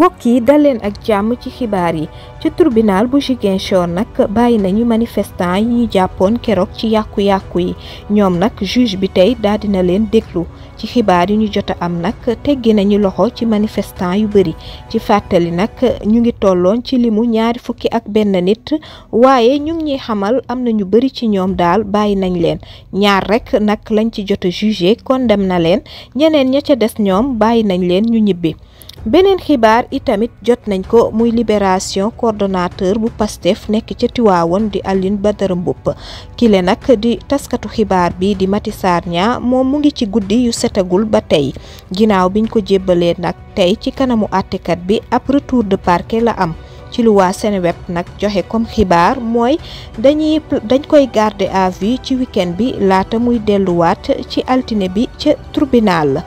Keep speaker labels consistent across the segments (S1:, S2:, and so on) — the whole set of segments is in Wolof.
S1: mbokk yi dal leen ak jàmm ci xibaar yi ci tribunal bu Ziguinchor nag bàyyi nañu manifestant yi ñu jàppoon keroog ci yàqu-yàqu yi ñoom nag juge bi tey daal na leen déglu ci xibaar yi ñu jot am nag teggi nañu loxo ci manifestant yu bëri ci fàttali nag ñu ngi tolloon ci limu ñaari fukki ak benn nit waaye ñu ngi ñuy xamal am na ñu bëri ci ñoom daal bàyyi nañ leen ñaar rek nag lañ ci jot a kon dem na leen ñeneen ña ca des ñoom bàyyi nañ leen ñu ñibbi beneen xibaar itamit jot nañ ko muy libération coordonnateur bu pastef nekk ca Tiwaawoon di Alioune Badara Mboup kile nag di taskatu xibaar bi di Mati Sarr moom mu ngi ci guddi yu setagul ba tey ginnaaw biñ ko jébbalee nag tey ci kanamu àttekat bi ab retour de parquet la am ci lu waa Seneweb nag joxe comme xibaar mooy dañuy dañ koy garder à vue ci week bi laata muy delluwaat ci altine bi ca tribunal la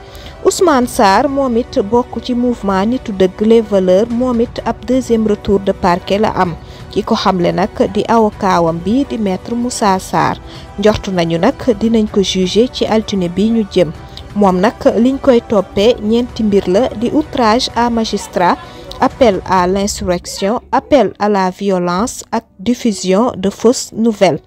S1: Ousmane Sarr moom it bokk ci mouvement nitu dëgg les valeurs moom it ab deuxième retour de parquet la am ki ko xamle nag di awokaawam bi di mètre Moussa Sarr njortu nañu nag dinañ ko juger ci altine bi ñu jëm moom nag liñ koy toppee ñeenti mbir la di outrage à magistrat appel à l'insurrection appel à la violence ak diffusion de fausses nouvelle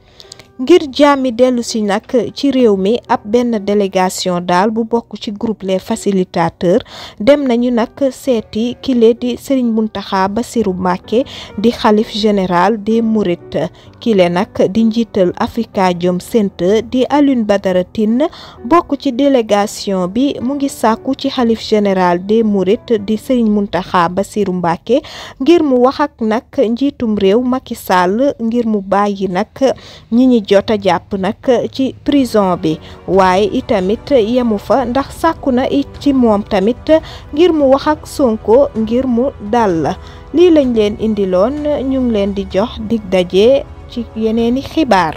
S1: ngir jàmmi dellusi nag ci réew mi ab benn délégation daal bu bokk ci groupe les facilitateurs dem nañu nag seeti kile di Serigne Mountakha Bassirou Mbacké di xalif général des Mourides kile nag di njiital Afrikajom Center di Alioune Badara Tine bokk ci délégation bi mu ngi sàkku ci xalif général des Mourides di Serigne Mountakha Bassirou Mbacké ngir mu waxak nag njiitum réew Macky Sall ngir mu bàyyi nag ñi ñi jot jàpp nag ci prison bi waaye itamit yemu fa ndax sàkku na it ci moom tamit ngir mu wax ak Sonko ngir mu dal la lii lañ leen indiloon ñu leen di jox dig daje ci yeneeni xibaar